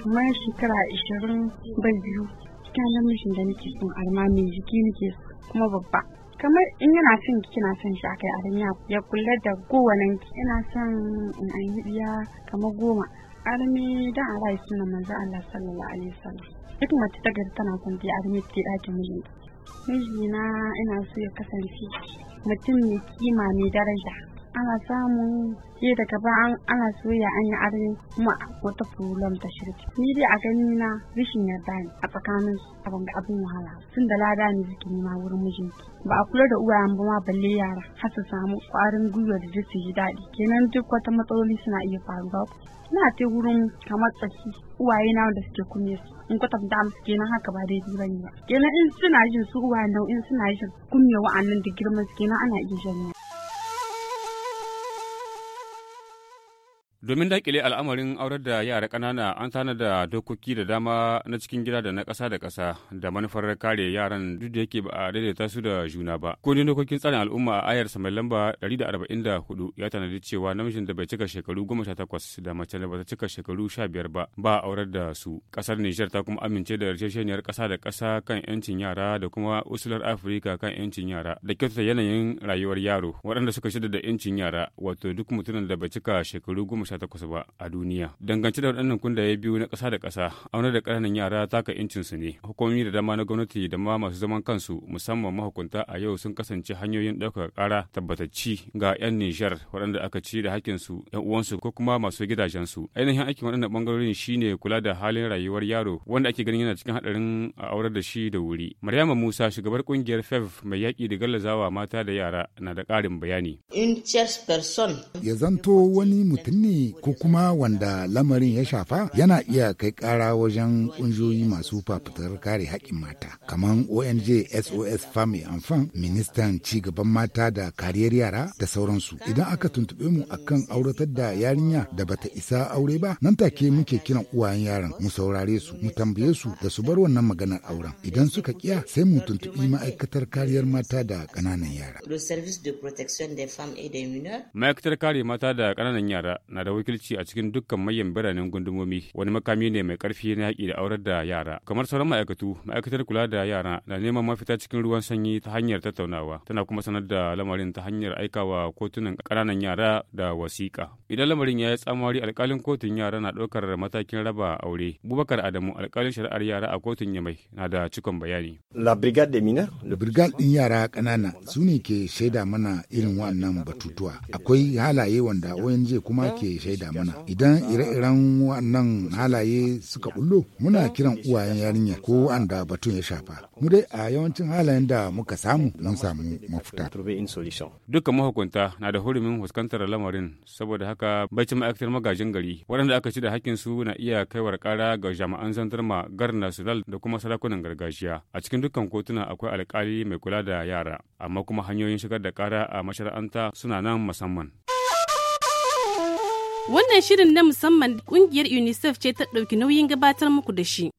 kamar shekara ashirin bai biyu cikin namijin da nake son arma mai jiki nake kuma babba kamar in yana son kina son shi akai aran ya ya kula da ki? ina son in an yi biya kamar goma armi dan a rai suna manzo Allah sallallahu alaihi wasallam duk mace ta gari tana son biya ta ke dakin mijin. mijina ina so ya kasance mutum mai kima mai daraja ana samun ke daga an ana soya an yi arin kuma wata problem ta shirki ni dai a gani na rishin yarda ne a tsakanin abin da abin wahala tun da lada ne suke nema wurin mijin ba a kula da uwayen ba ma balle yara har su samu kwarin gwiwa da zai su ji daɗi kenan duk wata matsaloli suna iya faruwa ina ta wurin kamar tsaki uwaye na da suke kunne su in kwatanta musu kenan haka ba daidai ne ba kenan in suna jin su uwaye nau'in suna jin kunne wa'annan da girman su kenan ana iya janyo. Domin dakile al'amarin aurar da yara ƙanana an da dokoki da dama na cikin gida da na kasa da kasa da manufar kare yaran duk da yake ba a daidaita su da juna ba. ne dokokin tsarin al'umma a ayar samai lamba 144 ya tanadi cewa namijin da bai cika shekaru 18 da mace da bata cika shekaru 15 ba ba a aurar da su. Ƙasar Nijar ta kuma amince da yarjejeniyar kasa da ƙasa kan 'yancin yara da kuma usular Afirka kan 'yancin yara da kyautata yanayin rayuwar yaro waɗanda suka shida da 'yancin yara wato duk mutumin da bai cika shekaru takwas ba a duniya. Dangance da waɗannan kundaye biyu na ƙasa da ƙasa, auna da ƙananan yara taka incinsu ne. Hukumomi da dama na gwamnati da ma masu zaman kansu musamman mahukunta a yau sun kasance hanyoyin ɗaukar ƙara tabbatacci ga 'yan Nijar waɗanda aka ci da hakkinsu, 'yan uwansu ko kuma masu gidajensu. Ainihin aikin waɗannan ɓangarorin ne kula da halin rayuwar yaro wanda ake ganin yana cikin haɗarin a aurar da shi da wuri. Maryama Musa shugabar ƙungiyar FEV mai yaki da gallazawa mata da yara na da ƙarin bayani. Ya zanto wani mutum ne ko kuma wanda lamarin ya shafa yana iya kai kara wajen kungiyoyi masu fafutar kare haƙƙin mata kamar ong sos fami amfan ministan ci gaban mata da kariyar yara da sauransu idan aka tuntube mu akan auratar da yarinya da bata isa aure ba nan take muke kiran uwayen yaran mu saurare su mu tambaye su da su bar wannan maganar auren idan suka kiya sai mu tuntuɓi ma'aikatar kariyar mata da ƙananan yara ma'aikatar kare mata da ƙananan yara na da da wakilci a cikin dukkan manyan biranen gundumomi wani makami ne mai karfi na yaƙi da aurar da yara kamar sauran ma'aikatu ma'aikatar kula da yara na neman mafita cikin ruwan sanyi ta hanyar tattaunawa tana kuma sanar da lamarin ta hanyar aikawa kotunan ƙananan yara da wasiƙa idan lamarin ya yi tsamari alkalin kotun yara na ɗaukar matakin raba aure bubakar adamu alkalin shari'ar yara a kotun yamai na da cikon bayani la brigade de mineur la brigade din yara kanana su ne ke shaida mana irin wannan batutuwa akwai halaye wanda ONG kuma ke shaida mana idan ire-iren wannan halaye suka bullo muna kiran uwayen yarinya ko wanda batun ya shafa mu dai a yawancin halayen da muka samu mun samu mafita duka mahukunta na da hurumin fuskantar lamarin saboda haka haka baitin ma'aikatar magajin gari waɗanda aka ci da hakkin su na iya kaiwar ƙara ga jami'an zandarma gar national da kuma sarakunan gargajiya a cikin dukkan kotuna akwai alƙali mai kula da yara amma kuma hanyoyin shigar da kara a mashara'anta suna nan musamman. Wannan shirin na musamman ƙungiyar UNICEF ce ta ɗauki nauyin gabatar muku da shi.